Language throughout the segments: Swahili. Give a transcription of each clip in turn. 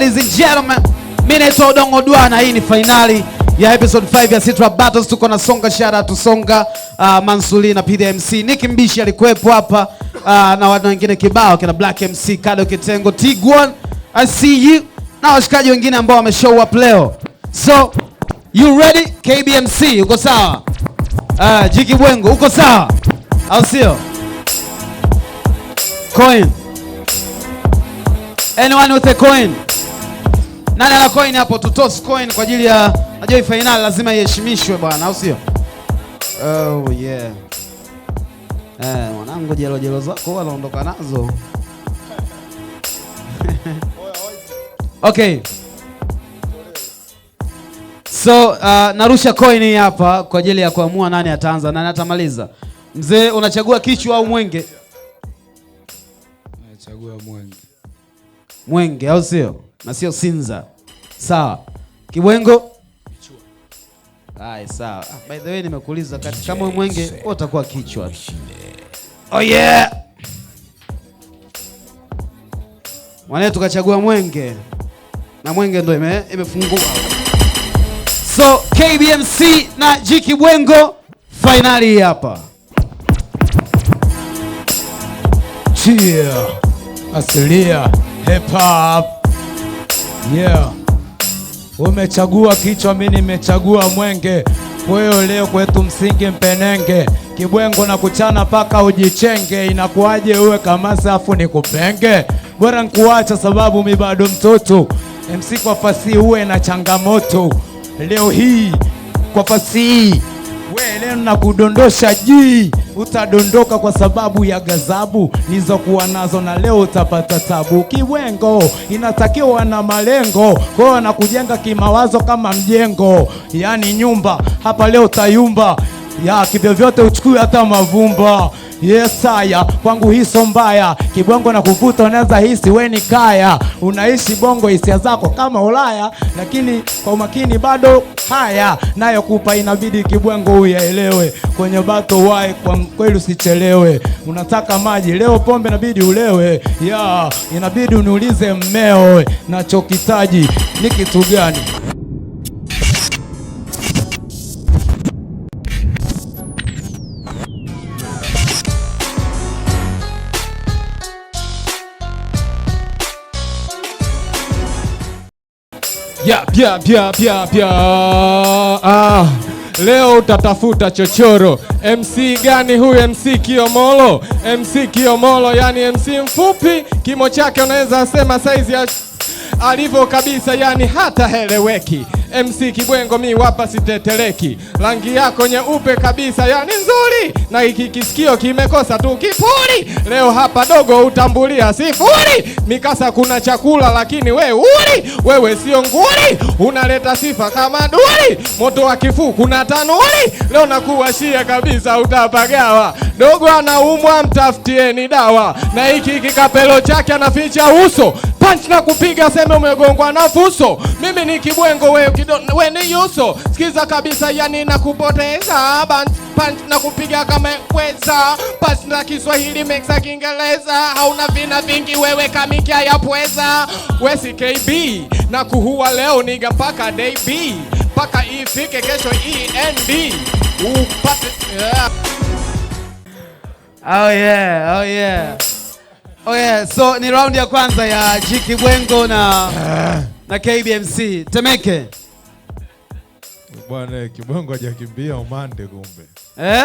Ladies and gentlemen, mimi naitwa Odongo Dwa na hii ni finali ya episode 5 ya Citra Battles. Tuko na Songa Shara Tusonga, uh, Mansuri na PDMC MC. Nick Mbishi alikuwepo hapa uh, na watu wengine kibao kina Black MC, Kado Kitengo, Tiguan, I see you na washikaji wengine ambao wame show up leo. So, you ready? KBMC uko sawa? Uh, Jiki Bwengo uko sawa? Au sio? Coin. Anyone with a coin? Nani ana coin hapo? Tutos coin kwa ajili ya najua hii finali lazima iheshimishwe bwana, au sio? Oh yeah. Eh, mwanangu jelo jelo zako wala ondoka nazo. Okay. So uh, narusha coin hapa kwa ajili ya kuamua nani ataanza, nani atamaliza. Mzee, unachagua kichwa au mwenge? Nachagua mwenge. Mwenge au sio? na sio Sinza. Sawa Kibwengo. Hai, sawa. Ah, by the way, nimekuuliza kati kama mwenge utakuwa kichwa. Oh yeah. Mwana tukachagua mwenge na mwenge ndo ime, imefungua. So KBMC na G Kibwengo finali hapa. yeah. Asilia hip hop. Yeah. Umechagua kichwa, mimi nimechagua mwenge. Kweyo leo kwetu msingi mpenenge, kibwengo na kuchana paka ujichenge. Inakuwaje uwe kamasa afu nikupenge? Bora nkuacha sababu mi bado mtoto. MC kwa fasi uwe na changamoto leo hii kwa hii wewe leo na kudondosha jii, utadondoka kwa sababu ya ghadhabu nilizokuwa nazo, na leo utapata tabu. Kiwengo inatakiwa na malengo, kwa na kujenga kimawazo kama mjengo, yaani nyumba hapa leo tayumba ya kivyovyote uchukue hata mavumba Yes, haya kwangu hiso mbaya kibongo na kuvuta, unaweza hisi we ni kaya, unaishi bongo hisia zako kama Ulaya, lakini kwa umakini bado haya nayokupa kupa, inabidi kibwengo uyaelewe, kwenye bato wai kwa kweli usichelewe, unataka maji leo pombe inabidi ulewe, ya inabidi uniulize mmeo nachokitaji ni kitu gani? Ya, yeah, yeah, yeah, yeah. Ah, leo utatafuta chochoro. MC gani huyu? MC Kiomolo, MC Kiomolo, yani MC mfupi, kimo chake unaweza sema size ya alivyo kabisa, yani hata heleweki. MC Kibwengo mi wapa siteteleki, rangi yako nyeupe kabisa, yani nzuri, na hiki kisikio kimekosa tu kipuri. Leo hapa dogo utambulia sifuri, mikasa kuna chakula lakini we uri wewe sio nguri, unaleta sifa kama duri, moto wa kifuu kuna tanuri. Leo nakuwashia kabisa, utapagawa. Dogo anaumwa, mtafutieni dawa, na hiki kikapelo chake anaficha uso, punch na kupiga sema kama umegongwa na fuso, mimi ni kibwengo, wewe kido, wewe ni yuso. Sikiza kabisa, yani nakupoteza na kupiga kama kweza pasi na Kiswahili mexa Kiingereza, hauna vina vingi wewe, kamikia ya pweza we si KB na kuhua leo niga mpaka day B mpaka ifike kesho END upate yeah. Oh yeah, oh yeah. Oh yeah, so ni round ya kwanza ya Jiki Bwengo na na KBMC Temeke. Bwana Kibwengo hajakimbia umande kumbe. Eh?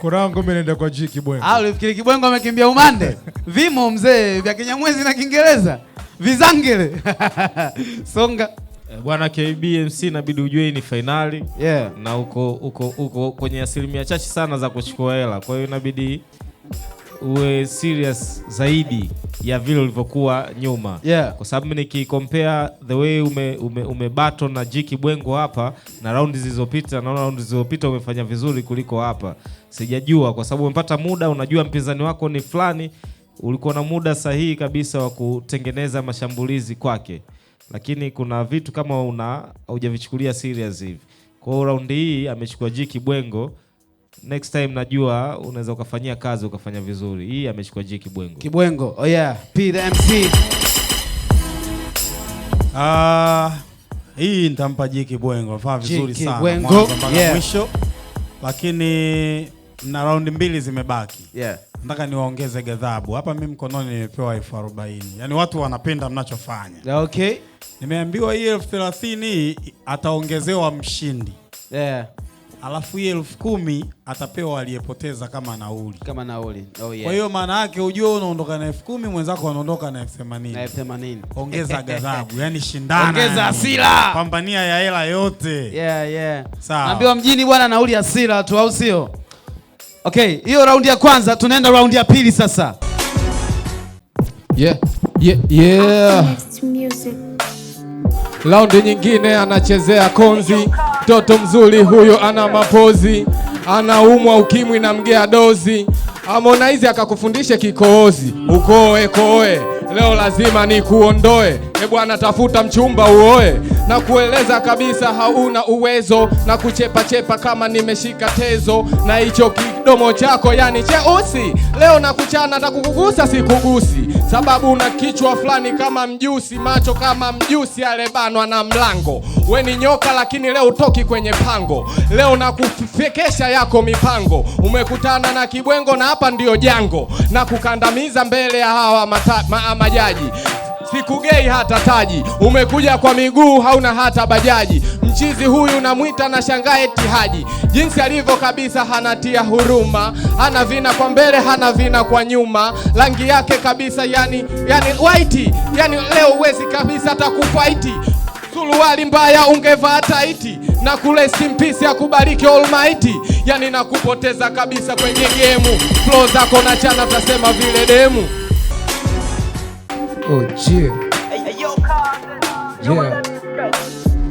Kurango mimi naenda kwa Jiki Bwengo. Ah, ulifikiri Kibwengo amekimbia umande? Vimo mzee vya Kinyamwezi na Kiingereza. Vizangele. Songa. Eh, bwana KBMC inabidi ujue ni finali. Yeah. Na uko uko uko kwenye asilimia chache sana za kuchukua hela. Kwa hiyo inabidi uwe serious zaidi ya vile ulivyokuwa nyuma yeah. Kwa sababu nikikompea the way ume, ume, ume battle na Jiki Bwengo hapa na raundi zilizopita, naona raundi zilizopita umefanya vizuri kuliko hapa. Sijajua kwa sababu umepata muda, unajua mpinzani wako ni fulani, ulikuwa na muda sahihi kabisa wa kutengeneza mashambulizi kwake, lakini kuna vitu kama una haujavichukulia serious hivi. Kwa hiyo raundi hii amechukua Jiki Bwengo next time najua unaweza ukafanyia kazi ukafanya vizuri. Hii amechukua Jiki Kibwengo. Kibwengo. Oh yeah. P the MC. Ah, hii nitampa Jiki Kibwengo. Faa vizuri sana. Mwanzo mpaka yeah. mwisho. Lakini na raundi mbili zimebaki. Yeah. Nataka niwaongeze ghadhabu. Hapa mimi mkononi nimepewa elfu arobaini. Yaani watu wanapenda mnachofanya. Okay. Nimeambiwa hii elfu thelathini ataongezewa mshindi. Yeah alafu hii elfu kumi atapewa aliyepoteza kama nauli, kama nauli. Oh, yeah. Kwa hiyo maana yake ujue unaondoka na elfu kumi mwenzako anaondoka na elfu themanini. themanini Ongeza ghadhabu, yani shindana, ongeza hasira, pambania ya hela yote. Yeah, yeah. Sawa. Naambiwa mjini bwana, nauli hasira tu, au sio? Okay, hiyo raundi ya kwanza, tunaenda raundi ya pili sasa. Yeah, yeah, yeah. Raundi nyingine anachezea Konzi Mtoto mzuri huyo ana mapozi, anaumwa ukimwi na mgea dozi. amonaizi akakufundishe kikoozi, ukoe koe, leo lazima nikuondoe e bwana, tafuta mchumba uoe, na kueleza kabisa hauna uwezo, na kuchepachepa kama nimeshika tezo, na hicho kidomo chako yani cheusi, leo na kuchana na kukugusa sikugusi, sababu una kichwa fulani kama mjusi, macho kama mjusi alebanwa na mlango. We ni nyoka lakini leo utoki kwenye pango, leo na kufekesha yako mipango, umekutana na kibwengo na hapa ndio jango, na kukandamiza mbele ya hawa majaji sikugei hata taji, umekuja kwa miguu hauna hata bajaji. Mchizi huyu namwita na shangaa eti Haji, jinsi alivyo kabisa hanatia huruma, hana vina kwa mbele, hana vina kwa nyuma, rangi yake kabisa yani, yani white, yani leo uwezi kabisa atakufaiti Suruali mbaya ungevaa taiti, na kule simpisi kubariki Almighty. Yani nakupoteza kabisa kwenye gemu, flow zako na chana, utasema vile demu. Oh, Yeah.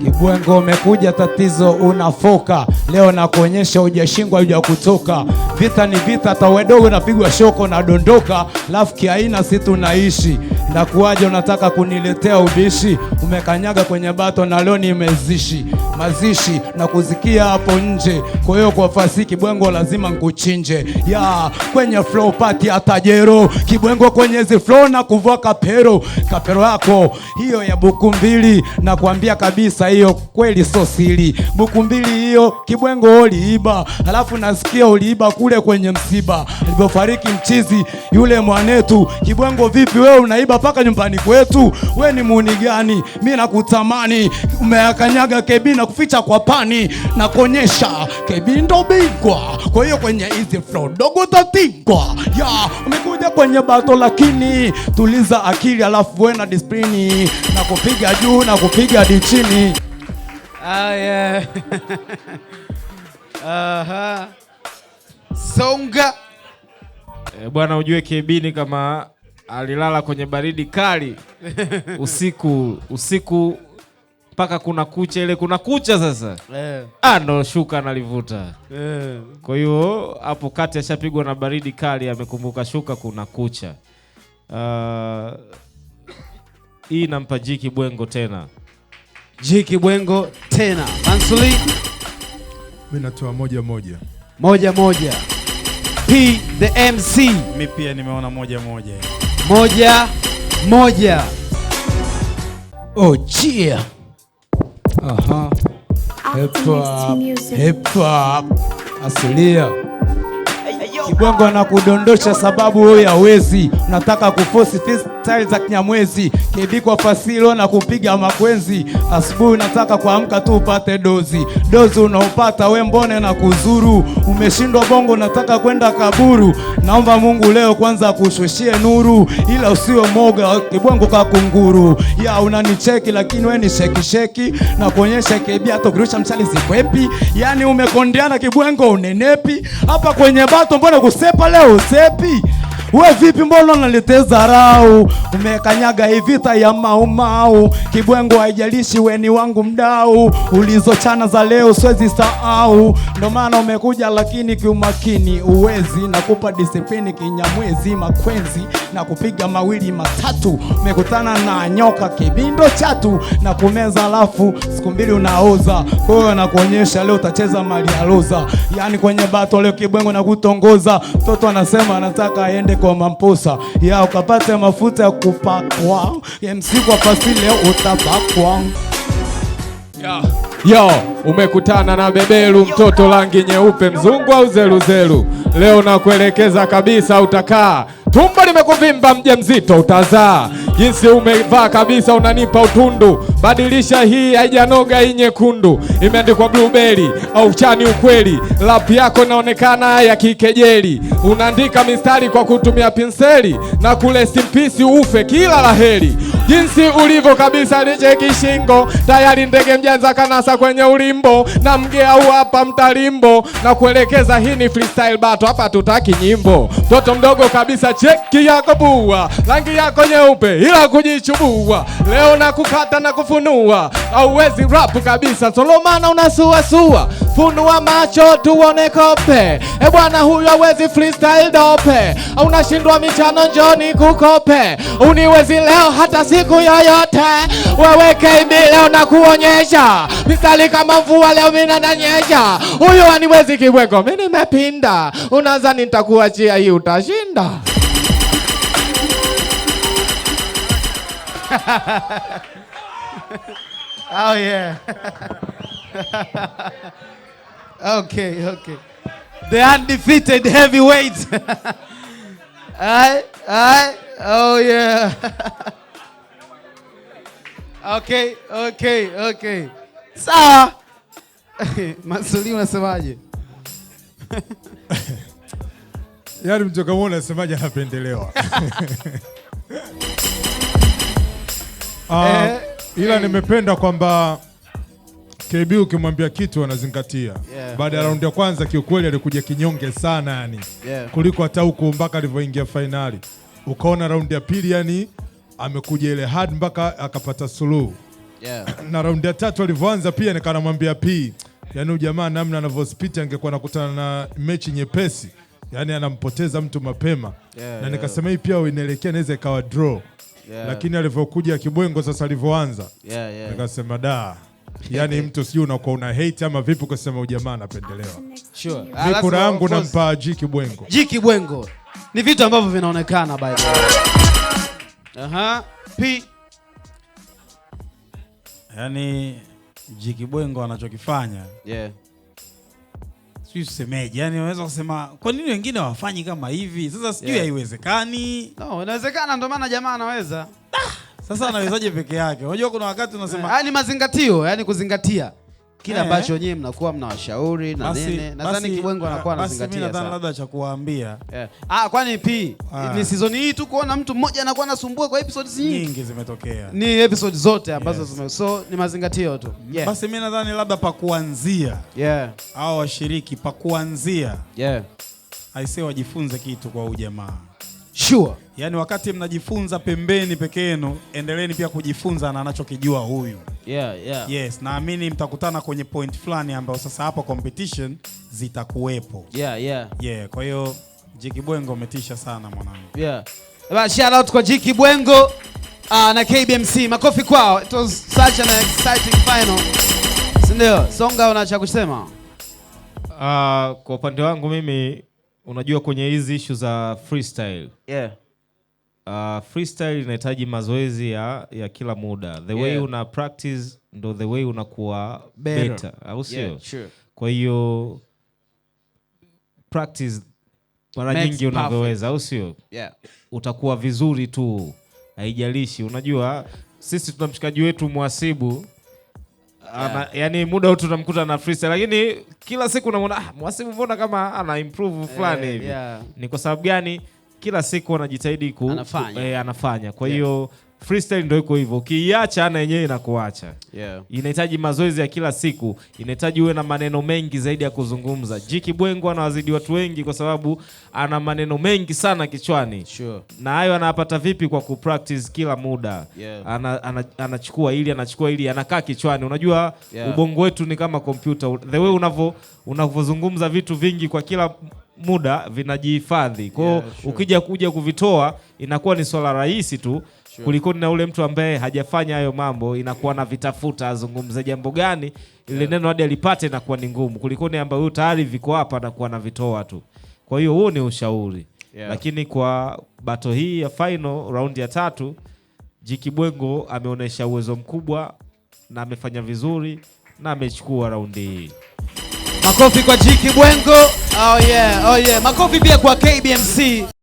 Kibwengo umekuja, tatizo unafoka leo, nakuonyesha ujashingwa uja kutoka. Vita ni vita, tawedogo napigwa shoko na dondoka, lafu kiaina si tunaishi na unataka kuniletea ubishi, umekanyaga kwenye bato na leo nimezishi mazishi na kuzikia hapo nje. Kwa hiyo kwa fasi Kibwengo lazima nkuchinje ya kwenye flow party atajero Kibwengo kwenye zi flow na kuvua kapero kapero yako hiyo ya buku mbili, na kuambia kabisa hiyo kweli sio siri. Buku mbili hiyo Kibwengo uliiba, alafu nasikia uliiba kule kwenye msiba alivyofariki mchizi yule mwanetu. Kibwengo vipi wewe unaiba paka nyumbani kwetu? We ni muuni gani? Mimi nakutamani umeakanyaga kebina na kuficha kwa pani na kuonyesha kibindo bigwa. Kwa hiyo kwenye hizi flow dogo tatigwa ya umekuja kwenye bato, lakini tuliza akili, alafu na disiplini na kupiga juu na kupiga di chini. Ah, yeah. Aha. Songa e, bwana ujue kibini kama alilala kwenye baridi kali usiku usiku mpaka kuna kucha ile, kuna kucha sasa eh. Ah, ndo shuka analivuta eh. Kwa hiyo hapo kati ashapigwa na baridi kali, amekumbuka shuka kuna kucha. Uh, hii nampa Jiki Bwengo tena, Jiki Bwengo tena. Ansuli. mimi natoa moja moja moja moja. P the MC, mimi pia nimeona moja moja moja moja. Oh, cheer. Aha. Hip hop. Hip hop. Asilia. Kibongo anakudondosha sababu wewe hawezi. Unataka kuforce fist style za Kinyamwezi kibikwa fasilo na kupiga makwenzi. Asubuhi nataka kuamka tu upate dozi dozi, unaopata we mbone na kuzuru, umeshindwa bongo, nataka kwenda kaburu. Naomba Mungu leo kwanza kushushie nuru, ila usiwe moga kibwango ka kunguru. Ya unanicheki lakini we ni sheki sheki, na kuonyesha kibia hata ukirusha mchali zikwepi. Yani umekondeana kibwengo unenepi, hapa kwenye bato mbona kusepa leo usepi We vipi, mbona unaletea dharau? Umekanyaga hivita ya maumau, kibwengo haijalishi, ni wangu mdau. Ulizochana za leo siwezi sahau, ndo maana umekuja lakini kiumakini uwezi. Nakupa disiplini kinyamwezi, makwenzi na kupiga mawili matatu. Umekutana na nyoka kibindo chatu na kumeza, alafu siku mbili unaoza. Kwa hiyo nakuonyesha leo utacheza mali ya loza, yani kwenye bato leo kibwengo na kutongoza. Mtoto anasema anataka aende kwa mamposa ya ukapata mafuta ya kupakwa MC kwa fasili ya Yo, umekutana na beberu mtoto rangi nyeupe mzungu au zeruzeru. Leo nakuelekeza kabisa, utakaa tumbo limekuvimba mzito utazaa jinsi umevaa kabisa unanipa utundu, badilisha hii haijanoga hii nyekundu, imeandikwa blueberry au chani ukweli, lapi yako inaonekana ya kikejeli, unaandika mistari kwa kutumia pinseli na kule simpisi ufe kila laheri jinsi ulivyo kabisa, niche kishingo tayari, ndege mjanza kanasa kwenye ulimbo na mgea au hapa mtalimbo na kuelekeza. Hii ni freestyle bato, hapa tutaki nyimbo. Mtoto mdogo kabisa, cheki yako bua, rangi yako nyeupe ila kujichubua, leo na kukata na kufunua hauwezi rapu kabisa, solomana unasuasua, funua macho tuone kope. E bwana huyu awezi freestyle dope, unashindwa michano, njoni kukope, uniwezi leo hata siku yoyote. Wewe KB leo nakuonyesha mistari kama mvua, leo mimi huyu aniwezi kibweko, mimi nimepinda, unadhani nitakuachia hii utashinda? Oh, yeah. okay, okay. The undefeated heavyweight. Aye, aye. oh yeah. Okay, okay, okay. Sa. Masuli unasemaje? Yaani mtu kama unasemaje anapendelewa. Ah, eh ila Nimependa kwamba KB ukimwambia kitu anazingatia yeah. Baada ya raundi ya kwanza kiukweli alikuja kinyonge sana yani yeah. Kuliko hata huko mpaka alivyoingia fainali, ukaona raundi ya pili yani amekuja ile hard mpaka akapata suluhu yeah. Na raundi ya tatu alivyoanza pia nikanamwambia p yani ujamaa namna anavyospiti angekuwa nakutana na mechi nyepesi yani anampoteza mtu mapema yeah, na nikasema hii Pia inaelekea inaweza ikawa draw lakini alivyokuja Kibwengo sasa alivyoanza yeah, yeah. Nikasema da yani mtu sijui unakuwa una hate ama vipi kusema ujamaa anapendelewa. Sure. Mimi ah, kura yangu nampa G Kibwengo. G Kibwengo. Ni vitu ambavyo vinaonekana by the way. Aha. P. Yaani G Kibwengo anachokifanya. Yeah sijui tusemeje, yani unaweza kusema kwa nini wengine hawafanyi kama hivi? Sasa sijui haiwezekani. Yeah. No, inawezekana, ndio maana jamaa anaweza. Ah, sasa anawezaje peke yake? Unajua kuna wakati unasema, haya ni mazingatio, yani kuzingatia kile eh. ambacho nyinyi mnakuwa mnawashauri na nini, Nadhani Kibwengo anakuwa anazingatia sana. Basi mimi labda cha kuwaambia. Eh. Ah, kwani pi ah. ni season hii tu kuona mtu mmoja anakuwa anasumbua kwa episodes nyingi. Nyingi zimetokea. Ni episode zote ambazo zime so ni mazingatio tu. yeah. Basi mimi nadhani labda pa kuanzia. Yeah. Hao washiriki pa kuanzia. Yeah. Aisee wajifunze kitu kwa ujamaa. Sure yani wakati mnajifunza pembeni peke yenu, endeleni pia kujifunza na anachokijua huyu. Yeah, yeah. Yes, naamini mtakutana kwenye point fulani ambayo sasa hapo competition zitakuwepo. Yeah, yeah. Yeah, kwa hiyo Jiki umetisha sana mwanangu. Yeah. shout out kwa Jiki uh, na KBMC. Makofi kwao. It was such an exciting final. Si Songa unacha kusema? Uh, kwa upande wangu mimi unajua kwenye hizi ishu za freestyle. Yeah uh, freestyle inahitaji mazoezi ya, ya kila muda the yeah. way una practice ndo the way unakuwa better, au sio? yeah, sure. Kwa hiyo practice mara nyingi unavyoweza, au sio? yeah. Utakuwa vizuri tu, haijalishi. Unajua sisi tuna mshikaji wetu Mwasibu ana, yeah. Yani muda wote tunamkuta na freestyle, lakini kila siku unamwona ah, Mwasibu mbona kama ana improve fulani eh, hivi yeah, yeah. Ni kwa sababu gani? kila siku anajitahidi ku, anafanya. Ku, eh, anafanya kwa hiyo yes. Freestyle ndio iko hivyo, ukiiacha na yenyewe inakuacha yeah. Inahitaji mazoezi ya kila siku, inahitaji uwe na maneno mengi zaidi ya kuzungumza. Jiki Bwengo anawazidi watu wengi kwa sababu ana maneno mengi sana kichwani sure. Na hayo anapata vipi? Kwa kupractice kila muda yeah. Ana, ana, anachukua ili anachukua ili anakaa kichwani, unajua yeah. Ubongo wetu ni kama kompyuta, the way unavyo unavyozungumza vitu vingi kwa kila muda vinajihifadhi. Kwa hiyo yeah, sure. Ukija kuja kuvitoa inakuwa ni swala rahisi tu sure. Kuliko na ule mtu ambaye hajafanya hayo mambo inakuwa na vitafuta azungumze jambo gani ile yeah. Neno hadi alipate inakuwa ni ngumu kuliko ni ambaye huyu tayari viko hapa anakuwa vitoa tu. Kwa hiyo huo ni ushauri yeah. Lakini kwa bato hii ya final round ya tatu Jiki Bwengo ameonyesha uwezo mkubwa na amefanya vizuri na amechukua raundi hii. Makofi kwa Jiki Bwengo. Oh yeah, oh yeah. Makofi pia kwa KBMC.